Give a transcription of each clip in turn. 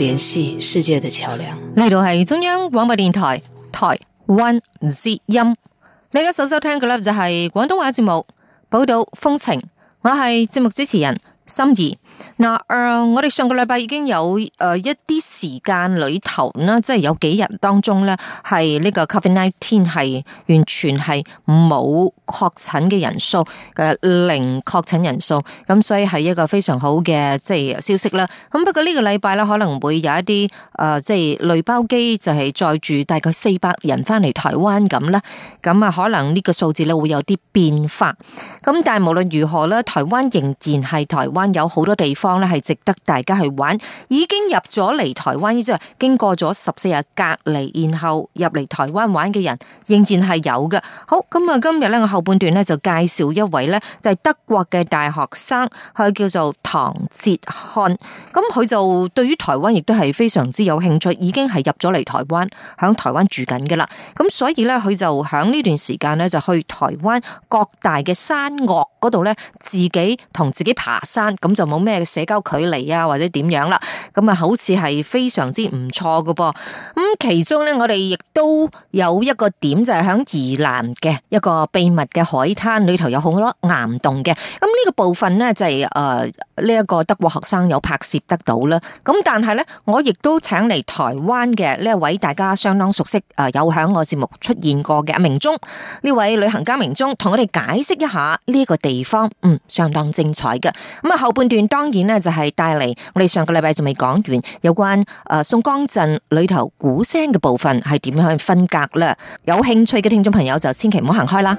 聯繫世界的橋樑。呢度係中央廣播電台台灣之音，你而家所收聽嘅咧就係廣東話節目《寶島風情》，我係節目主持人。心儀嗱，誒、呃，我哋上個禮拜已經有誒一啲時間裏頭咧，即、就、係、是、有幾日當中咧，係呢個 Covid nineteen 係完全係冇確診嘅人數嘅零確診人數，咁所以係一個非常好嘅即係消息啦。咁不過呢個禮拜咧，可能會有一啲誒，即係類包機就係載住大概四百人翻嚟台灣咁啦，咁啊可能呢個數字咧會有啲變化。咁但係無論如何咧，台灣仍然係台灣。有好多地方咧，係值得大家去玩。已經入咗嚟台灣，之後，經過咗十四日隔離，然後入嚟台灣玩嘅人仍然係有嘅。好，咁啊，今日咧，我後半段咧就介紹一位咧，就係德國嘅大學生，佢叫做唐哲翰。咁佢就對於台灣亦都係非常之有興趣，已經係入咗嚟台灣，響台灣住緊噶啦。咁所以咧，佢就響呢段時間咧，就去台灣各大嘅山岳嗰度咧，自己同自己爬山。咁就冇咩社交距離啊，或者點樣啦？咁啊，好似係非常之唔錯嘅噃。咁其中咧，我哋亦都有一個點，就係喺宜蘭嘅一個秘密嘅海灘裏頭，有好多岩洞嘅。呢、這個部分呢、就是，就係誒呢一個德國學生有拍攝得到啦，咁但係呢，我亦都請嚟台灣嘅呢一位大家相當熟悉誒、呃、有喺我節目出現過嘅阿明忠呢位旅行家明忠同我哋解釋一下呢個地方嗯，相當精彩嘅，咁、嗯、啊後半段當然呢，就係帶嚟我哋上個禮拜仲未講完有關誒、呃、宋江鎮裏頭鼓聲嘅部分係點樣去分隔啦，有興趣嘅聽眾朋友就千祈唔好行開啦。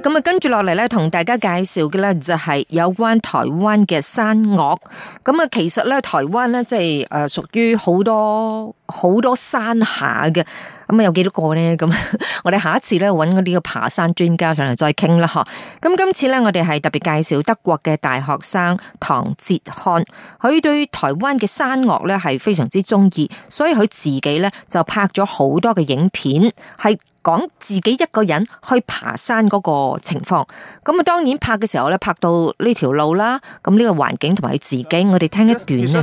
咁啊，跟住落嚟咧，同大家介紹嘅咧就係有關台灣嘅山岳。咁啊，其實咧，台灣咧即係誒，屬於好多。好多山下嘅，咁啊有幾多個呢？咁 我哋下一次咧搵嗰啲個爬山專家上嚟再傾啦，咁今次呢，我哋係特別介紹德國嘅大學生唐哲翰，佢對台灣嘅山岳呢係非常之中意，所以佢自己呢就拍咗好多嘅影片，係講自己一個人去爬山嗰個情況。咁啊，當然拍嘅時候呢，拍到呢條路啦，咁呢個環境同埋佢自己，我哋聽一段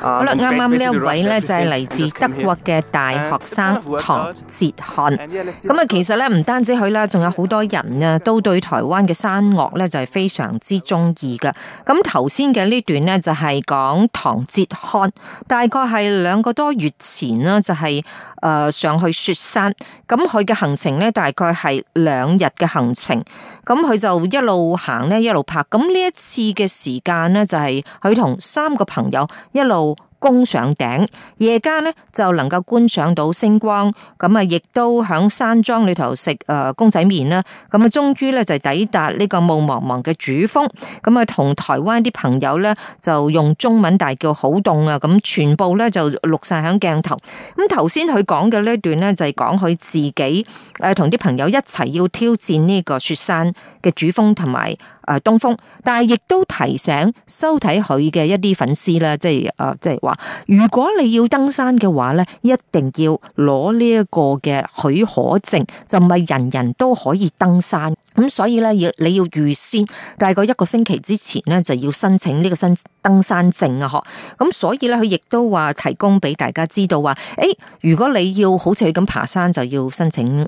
好啦，啱啱呢一位咧就係、是、嚟自德國嘅大學生 And, 唐哲翰，咁啊，其實咧唔單止佢啦，仲有好多人啊都對台灣嘅山岳咧就係非常之中意嘅。咁頭先嘅呢段咧就係講唐哲翰大概係兩個多月前啦，就係誒上去雪山。咁佢嘅行程咧大概係兩日嘅行程。咁佢就一路行咧一路拍。咁呢一次嘅時間咧就係佢同三個朋友一路。攻上頂，夜間咧就能夠觀賞到星光，咁啊，亦都喺山莊裏頭食誒、呃、公仔麪啦。咁啊，終於咧就抵達呢個霧茫茫嘅主峰，咁啊，同台灣啲朋友咧就用中文大叫好凍啊！咁全部咧就錄晒喺鏡頭。咁頭先佢講嘅呢段咧，就係、是、講佢自己誒同啲朋友一齊要挑戰呢個雪山嘅主峰同埋誒東峯，但係亦都提醒收睇佢嘅一啲粉絲啦，即係誒、呃、即係。如果你要登山嘅話咧，一定要攞呢一個嘅許可證，就唔係人人都可以登山。咁所以咧，要你要預先大概一個星期之前咧，就要申請呢個新登山證啊！嗬，咁所以咧，佢亦都話提供俾大家知道話，誒，如果你要好似佢咁爬山，就要申請誒，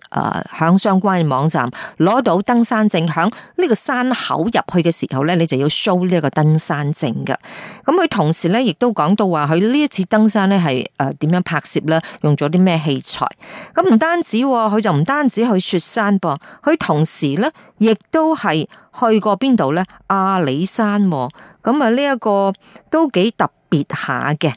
響相關嘅網站攞到登山證，響呢個山口入去嘅時候咧，你就要 show 呢一個登山證嘅。咁佢同時咧，亦都講到話佢呢一次登山咧係誒點樣拍攝咧，用咗啲咩器材？咁唔單止，佢就唔單止去雪山噃，佢同時咧。亦都係去過邊度呢？阿里山喎，咁啊呢一個都幾特別下嘅。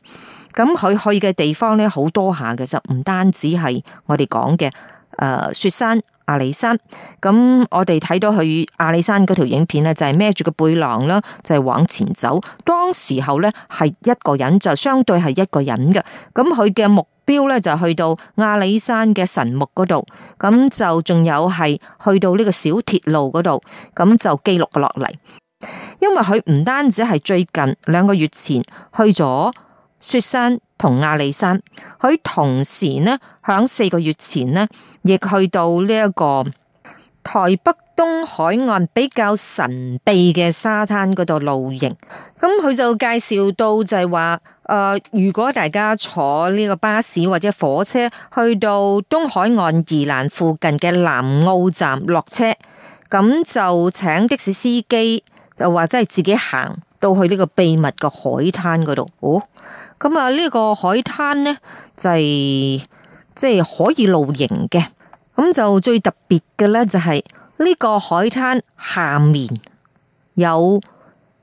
咁佢去嘅地方咧好多下嘅，就唔單止係我哋講嘅，誒雪山阿里山。咁我哋睇到佢阿里山嗰條影片咧，就係孭住個背囊啦，就係往前走。當時候咧係一個人，就相對係一個人嘅。咁佢嘅目的標呢就去到阿里山嘅神木嗰度，咁就仲有係去到呢個小鐵路嗰度，咁就記錄咗落嚟。因為佢唔單止係最近兩個月前去咗雪山同阿里山，佢同時呢響四個月前呢亦去到呢一個台北。東海岸比較神秘嘅沙灘嗰度露營，咁佢就介紹到就係話，誒、呃，如果大家坐呢個巴士或者火車去到東海岸宜蘭附近嘅南澳站落車，咁就請的士司機，就或者係自己行到去呢個秘密嘅海灘嗰度，哦，咁啊呢個海灘呢，就係即係可以露營嘅，咁就最特別嘅呢，就係。呢個海灘下面有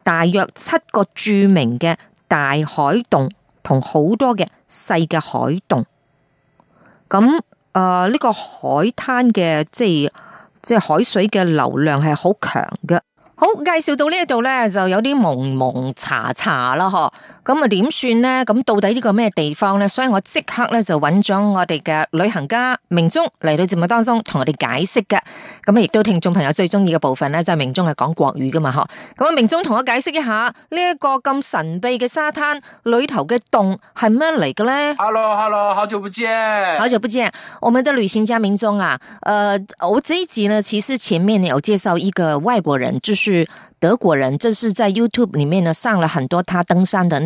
大約七個著名嘅大海洞同好多嘅細嘅海洞。咁、呃、誒，呢個海灘嘅即係即係海水嘅流量係好強嘅。好，介紹到呢一度呢，就有啲蒙蒙查查啦，嗬。咁啊，點算呢？咁到底呢個咩地方呢？所以我即刻呢，就揾咗我哋嘅旅行家明忠嚟到節目當中同我哋解釋嘅。咁啊，亦都聽眾朋友最中意嘅部分、就是這個、這呢，就係明忠係講國語噶嘛？嗬。咁明忠同我解釋一下呢一個咁神秘嘅沙灘裏頭嘅洞係咩嚟嘅呢？Hello，Hello 好久不見，好久不見，我們的旅行家明忠啊。誒、呃，我這一集呢，其實前面有介紹一個外國人，就是德國人，這、就是在 YouTube 裏面呢上了很多他登山的。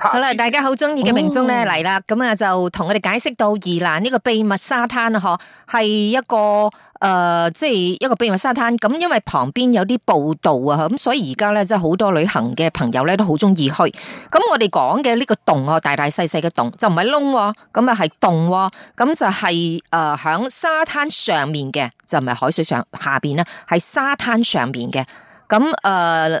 好啦，大家好，中意嘅明宗咧嚟啦，咁啊就同我哋解釋到，宜蘭呢個秘密沙灘嗬，係一個誒，即、呃、係、就是、一個秘密沙灘。咁因為旁邊有啲步道啊，嗬，咁所以而家咧即係好多旅行嘅朋友咧都好中意去。咁我哋講嘅呢個洞哦，大大細細嘅洞，就唔係窿，咁啊係洞，咁就係誒響沙灘上面嘅，就唔係海水上下邊啦，係沙灘上面嘅。咁、呃、誒。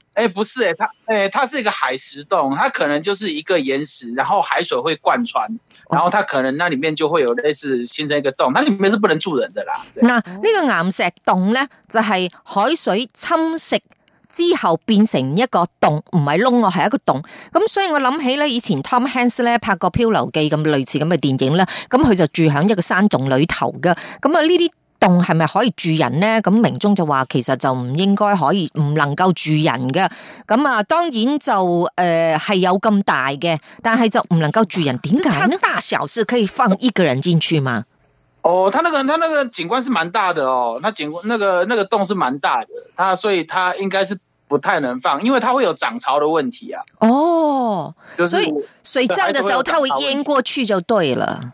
誒、欸，不是誒、欸，它，誒、欸，它是一個海石洞，它可能就是一個岩石，然後海水會貫穿，然後它可能那裏面就會有類似形成一個洞，那裏面是不能住人的啦。嗱，呢個岩石洞咧就係海水侵蝕之後變成一個洞，唔係窿哦，係一個洞。咁所以我諗起咧，以前 Tom Hanks 咧拍過漂流記咁類似咁嘅電影啦，咁佢就住喺一個山洞裏頭㗎，咁啊呢啲。洞係咪可以住人呢？咁明宗就話其實就唔應該可以，唔能夠住人嘅。咁啊，當然就誒係、呃、有咁大嘅，但係就唔能夠住人，點解咧？大小是可以放一個人進去嘛？哦，他那個他那個景觀是蠻大的哦，那景觀那個那個洞是蠻大的，他所以他應該是不太能放，因為它會有漲潮的問題啊。哦，所以，水漲嘅時候，他會淹過去就對了。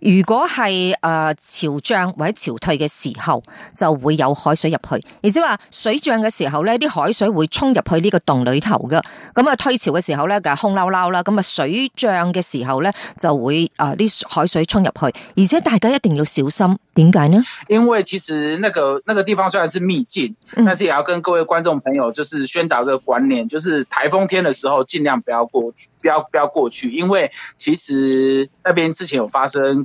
如果係誒潮漲或者潮退嘅時候，就會有海水入去。而且話水漲嘅時候呢啲海水會衝入去呢個洞裏頭噶。咁啊，退潮嘅時候呢，就空溜溜啦。咁啊，水漲嘅時候呢，就會誒啲海水衝入去。而且大家一定要小心，點解呢？因為其實那個那個地方雖然是秘境，嗯、但是也要跟各位觀眾朋友就是宣導個觀念，就是台風天嘅時候盡量不要過去，不要不要過去。因為其實那邊之前有發生。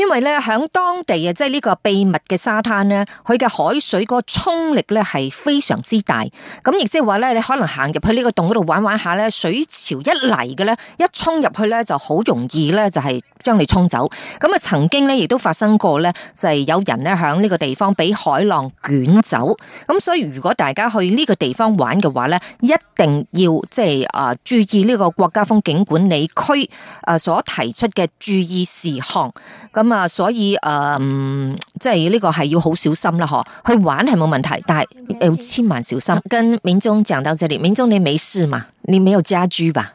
因為咧，響當地啊，即係呢個秘密嘅沙灘咧，佢嘅海水嗰個衝力咧係非常之大。咁亦即係話咧，你可能行入去呢個洞嗰度玩玩下咧，水潮一嚟嘅咧，一衝入去咧就好容易咧，就係將你衝走。咁啊，曾經咧亦都發生過咧，就係有人咧響呢個地方俾海浪捲走。咁所以如果大家去呢個地方玩嘅話咧，一定要即係啊注意呢個國家風景管理區誒所提出嘅注意事項。咁所以誒，即係呢個係要好小心啦，嗬。去玩係冇問題，但係要千萬小心。跟民眾講到這裏，民眾你沒事嘛？你沒有家居吧？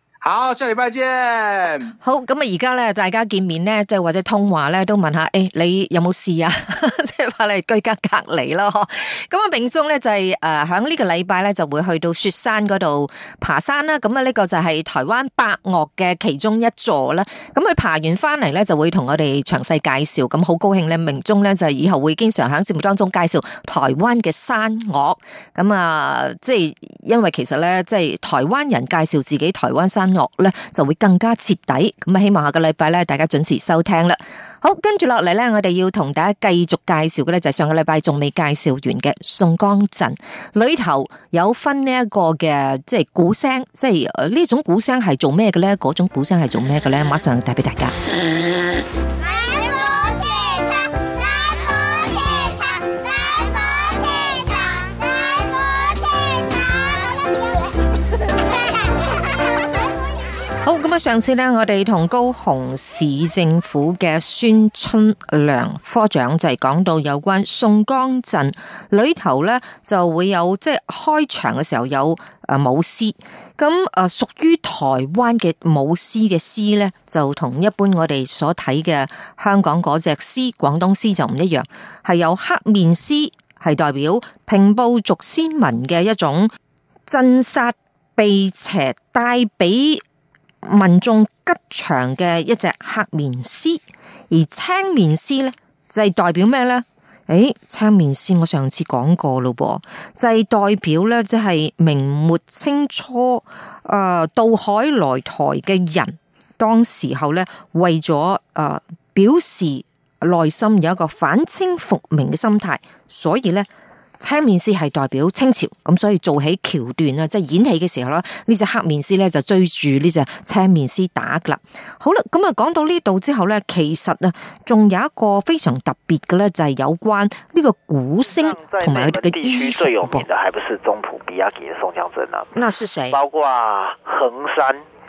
好，下禮拜見。好，咁啊，而家咧，大家見面咧，即係或者通話咧，都問下，誒、哎，你有冇事啊？即係話你居家隔離咯。咁啊，明宗咧就係、是、誒、響、呃、呢、這個禮拜咧就會去到雪山嗰度爬山啦。咁啊，呢個就係台灣百岳嘅其中一座啦。咁佢爬完翻嚟咧，就會同我哋詳細介紹。咁好高興咧，明宗咧就係以後會經常喺節目當中介紹台灣嘅山岳。咁啊，即係因為其實咧，即係台灣人介紹自己台灣山。樂咧就會更加徹底，咁啊希望下個禮拜咧大家準時收聽啦。好，跟住落嚟咧，我哋要同大家繼續介紹嘅咧就係上個禮拜仲未介紹完嘅宋江鎮裏頭有分呢一個嘅即係鼓聲，即係呢種鼓聲係做咩嘅咧？嗰種鼓聲係做咩嘅咧？馬上帶俾大家。好，咁啊！上次咧，我哋同高雄市政府嘅孫春良科長就係、是、講到有關宋江陣裡頭咧，就會有即係、就是、開場嘅時候有誒舞獅。咁誒屬於台灣嘅舞獅嘅獅咧，就同一般我哋所睇嘅香港嗰隻獅、廣東獅就唔一樣。係有黑面獅，係代表平埔族先民嘅一種鎮殺、避邪、大庇民眾吉祥嘅一隻黑面獅，而青面獅咧就係、是、代表咩咧？誒、哎，青面獅我上次講過咯噃，就係、是、代表咧，即、就、係、是、明末清初誒渡海來台嘅人，當時候咧為咗誒、呃、表示內心有一個反清復明嘅心態，所以咧。青面師係代表清朝，咁所以做起橋段啊，即係演戲嘅時候啦，呢隻黑面師咧就追住呢隻青面師打噶啦。好啦，咁啊講到呢度之後咧，其實啊仲有一個非常特別嘅咧就係有關呢個古星同埋佢哋嘅地衣飾嘅。還不是中土比阿基嘅宋江鎮啊？那是誰？包括啊，衡山。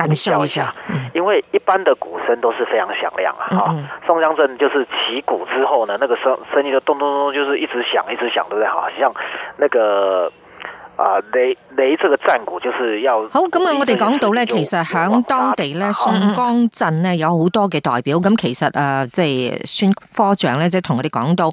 感受一下、嗯，因為一般的鼓聲都是非常響亮啊哈！宋江鎮就是起鼓之後呢，那個聲聲音就咚咚咚，就是一直響一直響，對不對？像那個、呃、雷雷這個戰鼓就是要就好咁啊！我哋講到呢，其實響當地呢，宋江鎮呢有好多嘅代表，咁、嗯嗯、其實誒、啊，即係孫科長呢，即係同我哋講到。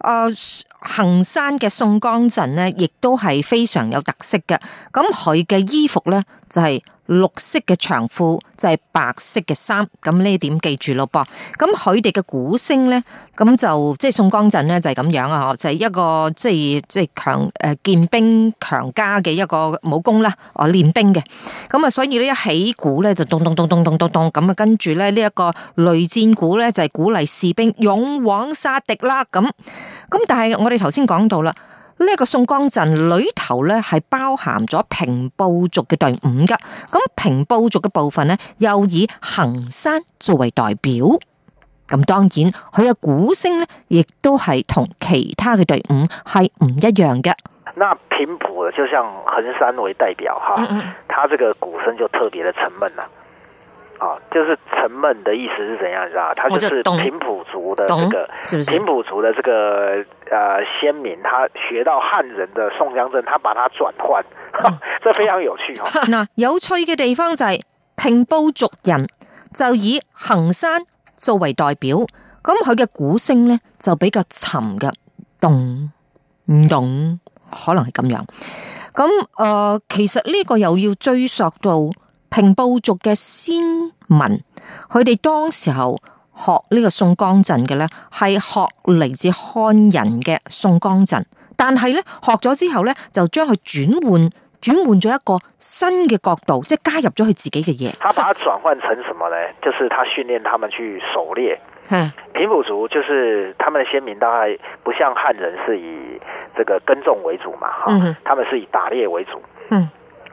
啊、呃，行山嘅宋江陣咧，亦都係非常有特色嘅。咁佢嘅衣服咧就係、是、綠色嘅長褲，就係、是、白色嘅衫。咁呢點點記住咯，噃。咁佢哋嘅鼓聲咧，咁就即係宋江陣咧就係咁樣啊，就係、是就是、一個即係即係強誒，建、就是、兵強家嘅一個武功啦，哦練兵嘅。咁啊，所以呢，一起鼓咧就咚咚咚咚咚咚咚咁啊，跟住咧呢一、這個擂戰鼓咧就係、是、鼓勵士兵勇往殺敵啦，咁。咁但係我哋頭先講到啦，呢、這、一個宋江陣裏頭咧係包含咗平埔族嘅隊伍噶，咁平埔族嘅部分咧又以衡山作為代表，咁當然佢嘅鼓聲咧亦都係同其他嘅隊伍係唔一樣嘅。那平埔就像衡山為代表哈，他、嗯嗯、這個鼓聲就特別的沉悶啦。啊，就是沉悶的意思是怎樣子啊？他就是平埔族的這個，是不是平埔族的這個，呃，先民，他學到漢人的宋江陣，他把它轉換，這非常有趣。嗱、嗯 啊，有趣嘅地方就係、是、平埔族人就以行山作為代表，咁佢嘅鼓聲呢就比較沉嘅，咚唔咚，可能係咁樣。咁，誒、呃，其實呢個又要追溯到。平埔族嘅先民，佢哋當時候學呢個宋江陣嘅咧，係學嚟自漢人嘅宋江陣。但係咧學咗之後咧，就將佢轉換，轉換咗一個新嘅角度，即係加入咗佢自己嘅嘢。他把它轉換成什麼呢？就是他訓練他們去狩獵。嗯，平埔族就是他們的先民，大概不像漢人是以這個耕種為主嘛，吓，他們是以打獵為主。嗯。嗯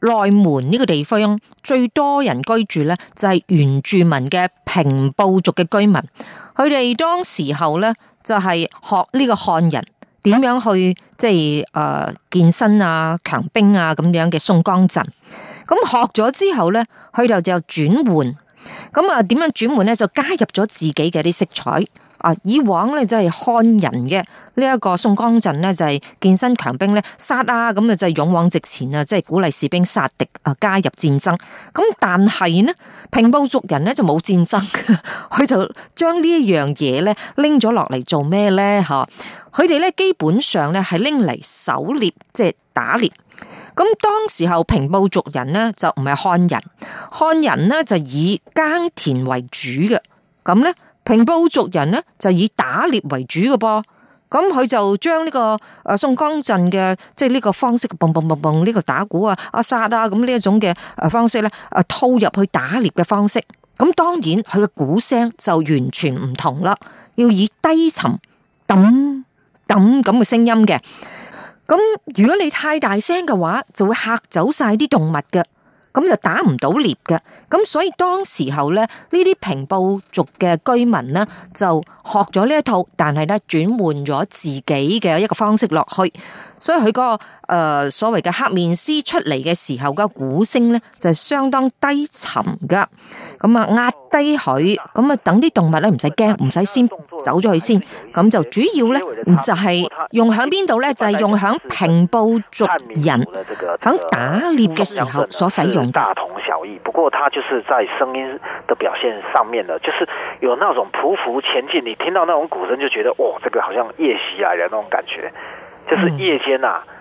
內門呢個地方最多人居住咧，就係、是、原住民嘅平埔族嘅居民。佢哋當時候咧就係、是、學呢個漢人點樣去即係誒、呃、健身啊、強兵啊咁樣嘅宋江陣。咁學咗之後咧，佢哋就轉換。咁啊，點樣轉換咧？就加入咗自己嘅啲色彩。啊！以往咧就係漢人嘅呢一個宋江陣咧就係健身強兵咧殺啊，咁啊就係勇往直前啊即係鼓勵士兵殺敵啊加入戰爭，咁但係呢平埔族人咧就冇戰爭，佢就將呢一樣嘢咧拎咗落嚟做咩咧吓？佢哋咧基本上咧係拎嚟狩獵，即係、就是、打獵。咁當時候平埔族人呢，就唔係漢人，漢人呢，就以耕田為主嘅咁咧。平埔族人咧就以打獵為主嘅噃，咁佢就將呢個誒宋江鎮嘅即係呢個方式，嘣嘣嘣嘣呢個打鼓啊、殺啊殺啊咁呢一種嘅誒方式咧，誒套入去打獵嘅方式。咁當然佢嘅鼓聲就完全唔同啦，要以低沉、揼揼咁嘅聲音嘅。咁如果你太大聲嘅話，就會嚇走晒啲動物嘅。咁就打唔到獵嘅，咁所以當時候咧，呢啲平埔族嘅居民呢，就學咗呢一套，但係咧轉換咗自己嘅一個方式落去，所以佢個。誒、呃，所謂嘅黑面獅出嚟嘅時候個鼓聲呢就是、相當低沉噶。咁啊，壓低佢，咁啊，等啲動物咧，唔使驚，唔使先走咗去先。咁就主要呢，就係、是、用響邊度呢？就係、是、用響平步族人，響打獵嘅時候所使用嘅。大同小異，不過佢就是在聲音嘅表現上面咧，就是有那種匍匐前進。你聽到那種鼓聲，就覺得，哦，這個好像夜襲來的那種感覺，就是夜間啊。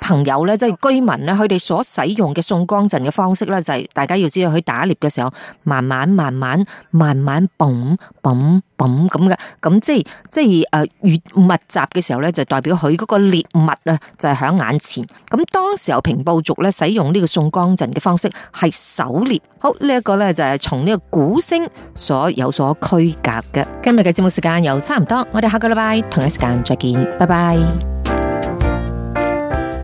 朋友咧，即係居民咧，佢哋所使用嘅宋江陣嘅方式咧，就係大家要知道，佢打獵嘅時候，慢慢、慢慢、慢慢，嘣嘣嘣咁嘅，咁即係即係誒越密集嘅時候咧，就代表佢嗰個獵物呢，就係喺眼前。咁當時由平埔族咧使用呢個宋江陣嘅方式係狩獵。好，呢一個咧就係從呢個鼓聲所有所區隔嘅。今日嘅節目時間又差唔多，我哋下個禮拜同一時間再見，拜拜。